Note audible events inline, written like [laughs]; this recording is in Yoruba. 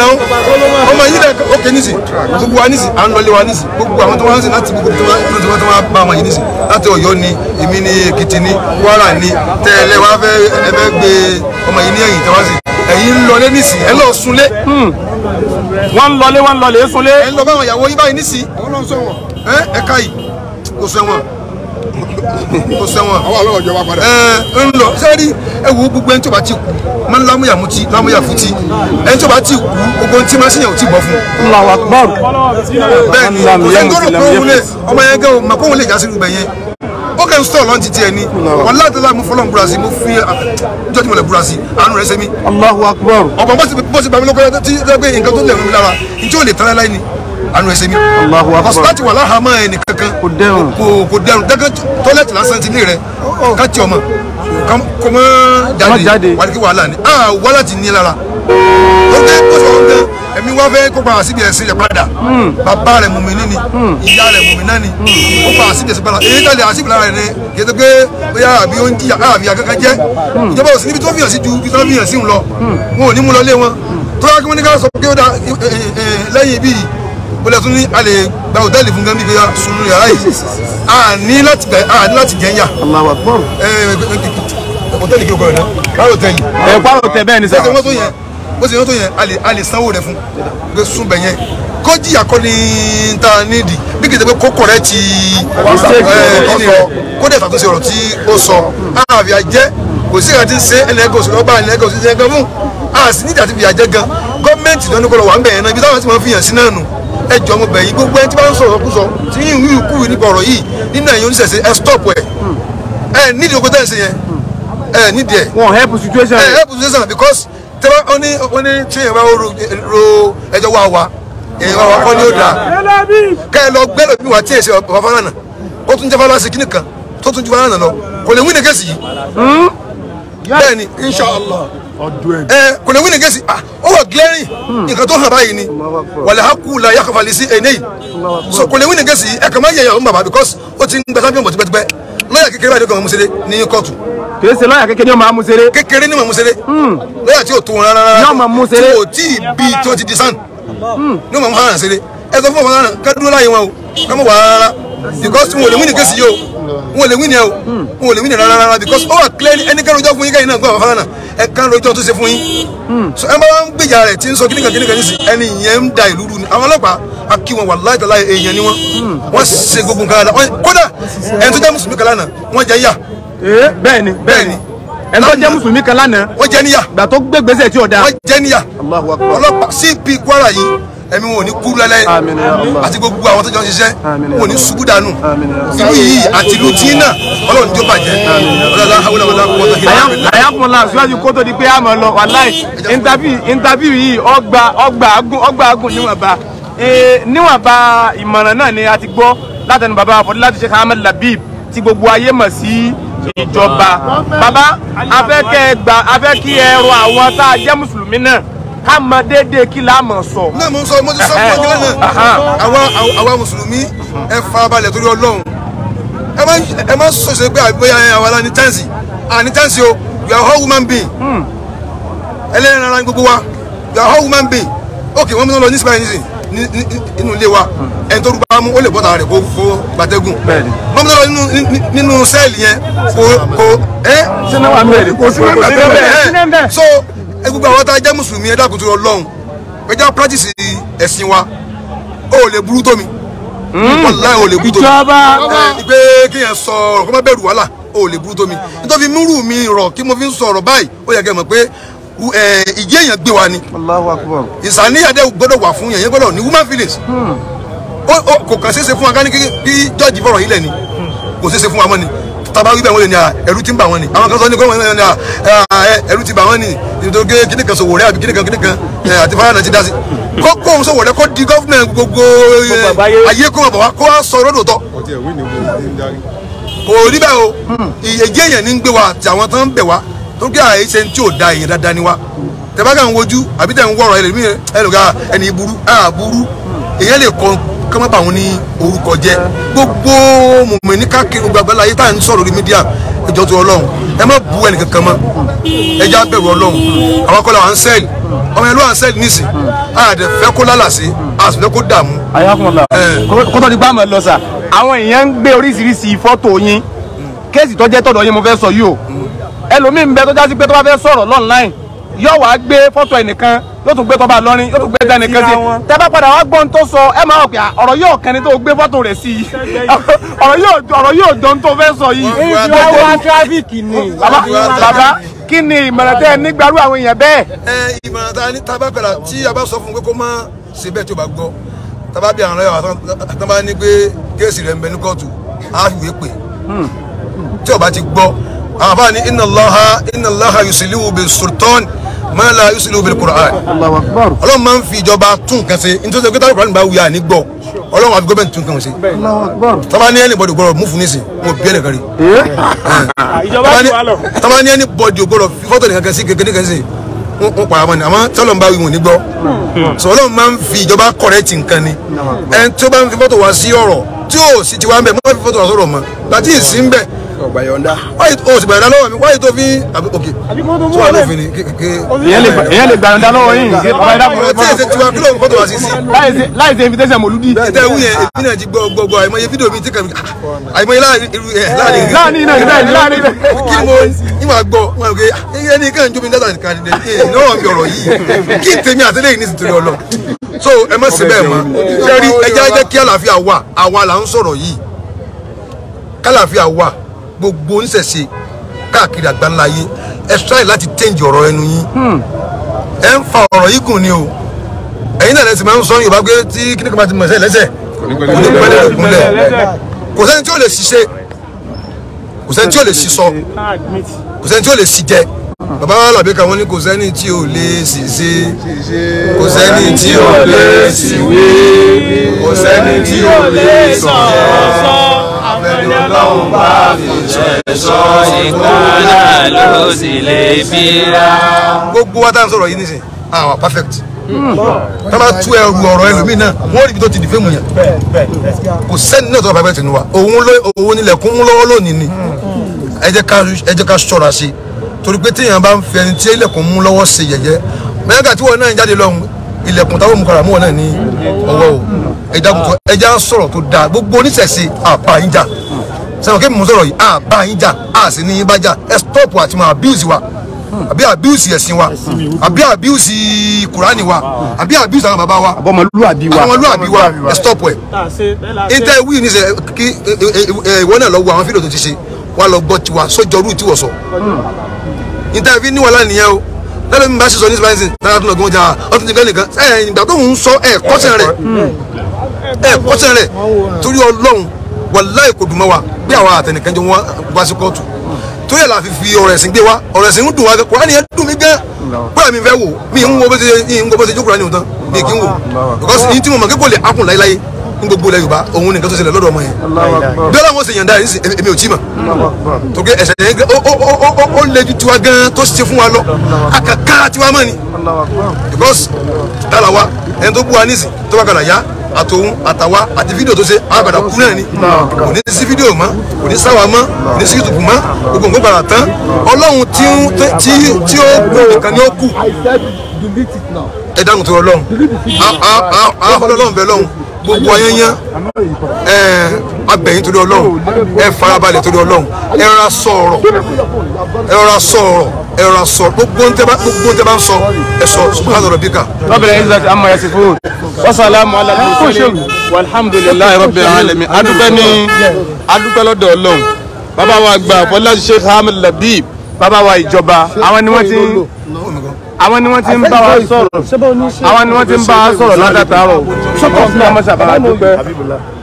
náà ọmọ yìí dẹ ok nísì gbogbo wa nísì à ń lọlé wa nísì gbogbo àwọn tó wá ń sìn láti gbogbo tó wá tó wá bá ọmọ láti Ọ̀yọ́ ni èmi ni Èkìtì ni Kwara ni tẹ́lẹ̀ wá fẹ́ ẹ gbé ọmọ yìí ní ẹ̀yìn tẹ́wá sí ẹ̀yin lọlé nísì ẹ lọ sunlé. Hmm. wọ́n ń lọlé wọ́n ń lọlé sunlé. ẹ ń lọ báwọn ìyàwó yín báyìí nísì. ọlọ́run sọ ẹ ẹ yìí kò sọ kò sẹ́wọ̀n àwọn ọlọ́wọ́ jọba padà. ẹ ń lọ sẹ́rí ẹ wo gbogbo ẹni tó bá ti kú máa ń lámúyà mutí lámúyà futí ẹni tó bá ti kú gbogbo ohun tí máa ń sèyàn ò tí bọ̀ fún. làwọn àgbọ̀rù. bẹ́ẹ̀ ni kò sẹ́ni tó rò pé òun lè ọmọ yẹn gẹ́ o mà kóun lè já sí ibẹ̀ yẹn ó kẹ́ ń sọ̀rọ̀ lọ́n ti tiẹ̀ ni wọn ládàlá mo fọlọ́n búra sí mo fi jọ́jú mo lẹ̀ búra sí àánú rẹ̀ ṣe mí. Allahu Akbar. ọ̀pọ̀ bó ti bá mi lọ́kọ́ tí ó gbé nǹkan tó lẹ̀ mi lára njẹ́ ò lè tán láyé ni anu ẹsẹ mi kọsí láti wà láhàámọ́ ẹnì kankan kò dẹrùn dẹ́gẹ́ tọ́lẹ́tì lásán ti ní rẹ oh. káti ọmọ kò mọ́ jáde wàlíkì wàhálà ni a ah, wà láti ní lára ó dé ó sọ wọn gan ẹ̀mí wá fẹ́ kó padà síbi ẹ̀sìn rẹ̀ padà bàbá rẹ̀ mùmí ní ni hmm. ìyá rẹ̀ mùmí náà ni hmm. ó padà síbi ẹ̀sìn padà èyí tẹ̀lé àṣìbí lára rẹ̀ ni kì í ṣe pé bóyá àbí ó ń jìyà àbí akẹ́kẹ́ jẹ́ hmm. ìjọba òsì níbi tó fìyàn sí ju ibi tó fìyàn sí ń lọ wọn ò ní mú lọ lé wọn tó yá kí wọ́n ní ká sọ pé ó dá lẹ́yìn bíi ó lè tún ní a lè gba hòtẹ́ẹ̀lì fún gẹ́gẹ́ bíi sunu yàrá yìí a ní láti bẹ̀ a ní láti jẹ́yà. Allahu Akbar. hòtẹ́ẹ̀lì kí o gbọ́dọ̀ náà pàrọ̀ hòtẹ́ẹ̀lì. ẹ pàrọ̀ hòtẹ́ẹ̀ bẹ́ẹ̀ ni sà. bó ṣe wọ́n tó yẹn a lè sanwó rẹ̀ fún pé sún bẹ̀ yẹn kó jìyà kọ́ ni ta nídìí bí kìí ṣe pé kókò rẹ ti kó dẹ̀ fàtúnṣe ọ̀rọ̀ tí ó sọ àbí àjẹ́ kò sí ìrántí ṣe ẹlẹ́gọ̀ọ́sì lọ́gbà ẹlẹ́gọ̀ọ́sì ṣe gan gọ́ọ̀mẹ̀ntì lọ́nà kọlọ̀ wà ń bẹ̀yẹn náà ibi táwọn ti máa fi hàn sí náà nù ẹ jọ mo bẹ̀ yín gbogbo ẹni tí bá ń sọ̀rọ̀ kú sọ tí yín wí kú nípa ọ̀rọ̀ yìí nínú ẹ̀yin oníṣẹ̀ṣe ẹ stop ẹ̀ ẹ nídìí oko tẹ́ǹsì yẹn ẹ nídìí ẹ̀. wọn help situation. ẹ help situation because tẹ́wọ́ ó ní ó ní tí èèyàn bá ro ẹjọ́ wá wa èèyàn wá wa kọ́ ni ó dáa ká ẹ lọ gbẹ́ lómi wá tí èsì ọ̀pá fárànà ó tún jẹ́ fárànà sí kíní kan tó tún ju fárànà lọ kò lè wí ní kéèsì yìí. Hmm? bẹ́ẹ̀ ni inshallah ẹ eh, kò ní wí ní gẹ̀ẹ́sì ah, ó wà glaring hmm. nǹkan tó hàn báyìí ni wàlẹ̀ hakú la yàkọ̀fà lè sí ẹ̀ẹ́nẹ́ yìí so kò ní gẹ̀ẹ́sì ẹ kàn máa yẹ̀yẹ̀ ọ̀hún bàbá because ó ti ń gba champion bọ̀ tipẹ́tipẹ́ lọ́yà kékeré báyìí ló kàn máa mú ní kóòtù. kìí ṣe lọ́yà kékeré ni ó máa mú kékeré ni ó máa mú hmm. lọ́yà tí ò tó wọn rárá tí ò tí ì bí tí ó ti di sàn hmm. ni ó máa mú wọn ò lè win yẹn o hmm. wọn ò lè win yẹn rárá rárá because ó wà clearly ẹnikẹ́ni rojọ́ fún yín kẹ́yìn náà gbọ́ fana ẹ kàn rojọ́ tó ṣe fún yín hmm. so ẹ máa ń gbèjà rẹ̀ tí ń sọ kíníkan kíníkan ní sí ẹni yẹn ń da ìlú rú ni àwọn ọlọ́pàá a kí wọn wàláhì tàláhì èèyàn ni wọn hmm. wọn ṣe gbogbo nǹkan dáadáa kódà ẹni tó jẹ́ mùsùlùmí kan lánàá wọ́n jẹ yà. Eh, bẹ́ẹ̀ ni bẹ́ẹ̀ ni ẹni tó jẹ́ mùsùlùmí kan lánàá wọ́n jẹ níyà gbà tó gbégbèsè tí ò dáa wọ́n jẹ níyà ọlọ́pàá CP ẹ̀mí wọn ò ní kú lẹ́lẹ́ àti gbogbo àwọn tó jọ ń wọn ò ní ṣubú dànù ìlú yìí àti ìlú tí náà ọlọ́run tó bàjẹ́ ọlọ́run àwọn ọlọ́run kọ́ tó hìlá. àyàpọ̀lá síwájú kó tó di pé àmọ́ lọ wàláì interview yìí ọgbà ọgbà agùn ọgbà agùn níwọ̀nba níwọ̀nba ìmọ̀ràn náà ni a ti gbọ́ látẹnu bàbá àfọ̀dé láti Sheikh Ahmed Labib tí gbogbo ayé mọ̀ sí ìjọba bàbá afẹ́kẹ́ gbà afẹ́kí ẹ àwọn tá a jẹ́ mùsùlùmí náà ká mọ déédéé kí la mọ̀ sọ. náà mo ń sọ mo ti sọ fún ọjọ́ náà àwa àwa mùsùlùmí ẹ farabalẹ̀ torí ọlọ́run ẹ má ẹ má sọ̀sẹ̀ pé àgbéyà àwa la ní chance à ní chance o you are all woman being hmm. ẹlẹ́rìn ara gbogbo wa you are all woman being ok wọ́n mú lọ ní spain nísìn nínú ilé wa hmm. ẹni tó rúbá mú ó lè bọ́ta rẹ̀ kó fó gbàtẹ́gùn wọ́n mú lọ nínú sẹ́ẹ̀lì yẹn kó kó ẹ́. sinamu amẹ́rẹ́ kò sí nínú bẹ́ẹ̀ so ẹ gbogbo àwọn tá a jẹ́ mùsùlùmí ẹ dákun tó practice ẹ̀sìn wa ó lè burú tó mi ó hmm? lè burú tó mi ẹ pé kéèyàn sọ ọ̀rọ̀ kó má bẹ̀rù wàhálà ó lè burú tó nítorí múrù mi rọ̀ kí mo fi ń sọ ọ̀rọ̀ báyìí ó yẹ kẹ́ mọ̀ pé ìjì èèyàn gbé wa ni ìsàníyàdẹ gbọ́dọ̀ wà fún yẹn yẹn gbọ́dọ̀ ní human feelings hmm. kò kàn ṣeéṣe fún wa kí jọ́ọ̀jì fọ̀rọ̀ yìí lẹ̀ ni hmm. kò ṣeéṣe fún wa mọ́ ni tàbá wípé àwọn ènìyàn ẹ̀rú ti ń bà wọ́n ni àwọn kan sọ ní gómìnà ènìyàn ẹ̀rú ti bà wọ́n ni nítorí pé kíni kan sòwò rẹ àbí kíni kan kíni kan àti fáyọ̀nà ti dá sí kó kó òun sòwò rẹ kó di gọ́fìnà gbogbo ayé kó wọn bọ̀ wá kó wá sọ rọ́dò tọ́ kò rí bẹ́ẹ̀ o ìyẹ̀jẹ̀ yẹn ní ń gbé wa àti àwọn tó ń bẹ̀ wá tó kí àyè ṣe tí ò da èyàn dáadáa ni wa tẹ̀bá kà ń wojú àbí tẹ̀ ń wọ̀rọ̀ ẹlòmíràn ẹlòmíràn ẹni burú ẹ̀ burú èyàn lè kọ́ ká má bà wọn ní orúkọ jẹ́ gbogbo mùmí ní káàkiri gbogbo àgbàlá ayé tá à ń sọ̀rọ̀ lórí mídíà ẹjọ́ tó ọlọ́run ẹ má bu ẹnì kankan mọ́ ẹ já bẹ̀rù ọlọ́run àwọn kọ́lá à ń sẹ́ẹ̀lì ọmọ ìlú à ń sẹ́ẹ̀lì nísì àdẹ fẹ́ kó lálàsí àsìlẹ̀ kó dààmú. ayakunla kótó ni gbàmọ̀ lọ sà àwọn èèyàn ń gbé oríṣiríṣi fọ́tò yín kéèsì tó jẹ́ tọ̀dọ̀ yín mo fẹ́ sọ yìí o ẹlòmíín bẹ tó jásí pé tó bá fẹ́ sọ̀rọ̀ online yóò wá gbé fọ́tò ẹnìkan yóò tún gbé tọ́ba lọ́rin yóò tún gbé dání kan sí i tẹ́ bá padà wá gbọ́n tó sọ ẹ máa pè ọ̀rọ̀ yóò kẹni tó gbé fọ́tò rẹ̀ sí i [laughs] ọ̀rọ̀ yóò dán tó fẹ́ sọ yìí. èyí wá wá tráfíkì ni. bàbá kí ni ìmọ̀ràn tẹ́ ẹ nígbàrú àwọn èèyàn bẹ́ẹ̀. ẹ ìmọ̀ràn tá a ní tábà padà tí a bá sọ fún un pé kó má ṣe bẹ́ẹ̀ tó bá gbọ́ tábà bí àwọn ọ̀rẹ́ wa tán bá ní pé kéèsì mọ́lá yusufu bil Qur'an ọlọ́run máa ń fi ìjọba tún nǹkan ṣe nítorí pé táwọn kùránì bá wuya ní gbọ́ ọlọ́run àfi gọ́ọ̀mẹ̀ntì tún nǹkan ṣe tọ́ba ní ẹni bọ́dọ̀ gbọ́dọ̀ mú fún ní sìn mo bí ẹnìkan rí tọ́ba eh. ní ẹni bọ́dọ̀ gbọ́dọ̀ fi fọ́tò nìkan kan sí kékeré kan sí n pa àmọ́ ni àmọ́ tọ́lọ́n bá wíwọ̀n ní gbọ́ hmm. sọ ọlọ́run máa ń fi ìjọba kọ̀rẹ́tì nǹkan ni ẹni tó bá ń fi fọ́tò wá sí ọ̀rọ̀ tí ò sì ti wá ń bẹ̀ mọ́ fi fọ́tò wá sọ̀rọ̀ mọ́ gbàtí ì ọgbà yọ̀ǹda ó sì gbàyọ̀ǹda lọ́wọ́ mi wáyé tó fi òkè tí wàá lófin ni kéèké. lè gbàyọ̀ǹda lọ́wọ́ yìí nké ọmọ ẹ̀dá kúrò tí èsè tiwa kí ló wá sí sí. láì ṣe invitation mòlúdì. bẹ́ẹ̀ tẹ wúyẹn èmi náà ti gbọ́ gbọgbọ àìmọye fídíò mi ti kàn mí àìmọye láàrin irú ẹ láàrin. láàrin náà láàrin láàrin náà. kí mo so ẹ má ṣe bẹ́ẹ̀ mọ́ ṣe rí ẹjẹ́ ẹjẹ́ kí àlàáfíà wà àwa là ń sọ̀rọ̀ yìí kálàáfíà wà gbogbo oníṣẹ̀ṣe káàkiri àgbáńlá ayé ẹ ṣáì láti tẹ́ǹjì ọ̀rọ̀ ẹnu yín hmm. ẹ ń fa ọ̀rọ̀ yìí gùn ni o ẹ̀yin náà lẹ́sìn máa ń sọ Yorùbá pé tí kíníkan bá ti mọ̀ ẹsẹ̀ lẹ́sẹ̀ kò sẹ́ni tí ò lè ṣiṣẹ́ kò sẹ́ni tí ò lè ṣiṣọ́ kò sẹ́ni tí ò lè ṣijẹ́ bàbá wa làbí kan wọ́n ní kò sẹ́ni tí ò lè ṣìṣe kò sẹ́ni tí ò lè ṣìwé kò sẹ́ni tí ò lè sọ ọlọ́run bá fi ṣẹ̀ṣọ́ ìkọ́lá ló sì lè fi ra. gbogbo wa tá à ń sọ̀rọ̀ yìí nísìnyí àwa ah, perfect tá a bá tú ẹrù ọ̀rọ̀ ẹlòmíì náà wọ́n rí ibi tó ti dìfẹ́ mu yẹn kò sẹ́ni náà tó bá bẹ̀rẹ̀ tìǹbù òun nílẹ̀kùn lọ́wọ́ lónìí ni ẹ jẹ́ ká ṣọ́ra sí i torí pé téèyàn bá ń fi ẹni tí ilẹ̀kùn mú lọ́wọ́ ṣe yẹ̀yẹ́ mẹ́gà tí wọ́n náà ń jáde lọ́hùn ilẹ̀kùn táwọn mú mú wọn náà ní ọwọ́ o ẹja sọ̀rọ̀ tó dáa gbogbo oníṣẹ̀ṣe àpá yín jà sẹ́wọ̀n kébì mú sọ̀rọ̀ yìí a bá yín jà a sì ní yín bá jà ẹ stop àti máa abuse wa àbí abuse ẹ̀sìn wa àbí abuse kùránì wa àbí abuse àwọn bàbá wa àbọ̀mọlúàbí wa àbọ̀mọlúàbí wa ẹ stop ẹ. ìtẹ́ wíì ní sẹ́ kí e, e, e, ìwọ náà lọ wo àwọn fídíò tó ti ṣe wà lọ gbọ́ tiwa sójọ́rú tiwọ̀ sọ. ìtẹ́ fi níwọ̀ lánìí yẹn o lẹ́nu mi bá ṣe sọ ní ṣíbáyé sìn náírà tó lọ gbọ́n jà ọtún ti gbẹ́ nìkan ẹ̀ ìgbà tó ń sọ ẹ̀ kọ́sẹ̀ rẹ̀ ẹ̀ kọ́sẹ̀ rẹ̀ torí ọlọ́run wàláì kò dùnmọ́ wa bí àwa àtẹnìkan jẹ́ wọn wá sí kóòtù torí ẹ̀ la fi fi ọ̀rọ̀ ẹ̀sìn gbé wa ọ̀rọ̀ ẹ̀sìn ń dùn wa kùránì yẹn dùn mí gan bóyá mi fẹ́ wò mi ń wo bó ṣe ń wo bó ṣe jó kùránì òun tán mi kì í wò because ní tí mo mọ̀ kí kò lè akùn láyéláyé ní gbogbo ilẹ̀ yorùbá òun nìkan tó ṣẹlẹ̀ lọ́dọ̀ ọmọ yẹn bí ọlọ́run ṣe yànda yìí èmi ò tí mà tókè ẹ̀sẹ̀ yẹn ó lé ju tiwa gan tó ṣe fún wa lọ àkàkà tiwa mọ́ ni because dára wa ẹni tó bú wa nísìn tó bá kàdà yá àtòun àtàwa àti fídíò tó ṣe àgbàdà kú náà ni kò ní sí fídíò mọ́ kò ní sáwà mọ́ kò ní sí youtube mọ́ gbogbo nǹkan gbàrà tán ọlọ́run tí tí ó kú nìkan ni ó kù ẹ dáhùn tó ọlọ́run a ọlọ́run bẹ lọ́hùn gbogbo ayẹyẹn ẹ abẹ̀yìn torí ọlọ́run ẹ farabalẹ̀ torí ọlọ́run ẹ rọra sọ̀rọ̀ ẹ rọra sọ̀rọ̀ ẹ̀rọ sọ gbogbo ń tẹ́ bá ń sọ ẹ sọ subahana rabbika. lọ́bìnrin yìí zati amma yasifun wasalamu ala musalim walhamdulilayi rabbil alamin adúpẹ́ ní adúpẹ́ lọ́dọ̀ Ọlọ́run bàbá wa gba Fọláṣí Sheikh Ahmed Labib bàbá wa ìjọba àwọn ni wọ́n ti àwọn ni wọ́n ti ń bá wa sọ̀rọ̀ àwọn ni wọ́n ti ń bá wa sọ̀rọ̀ ládàtà rọ̀ sọ́kọ̀ fún ọmọ sábà adúpẹ́.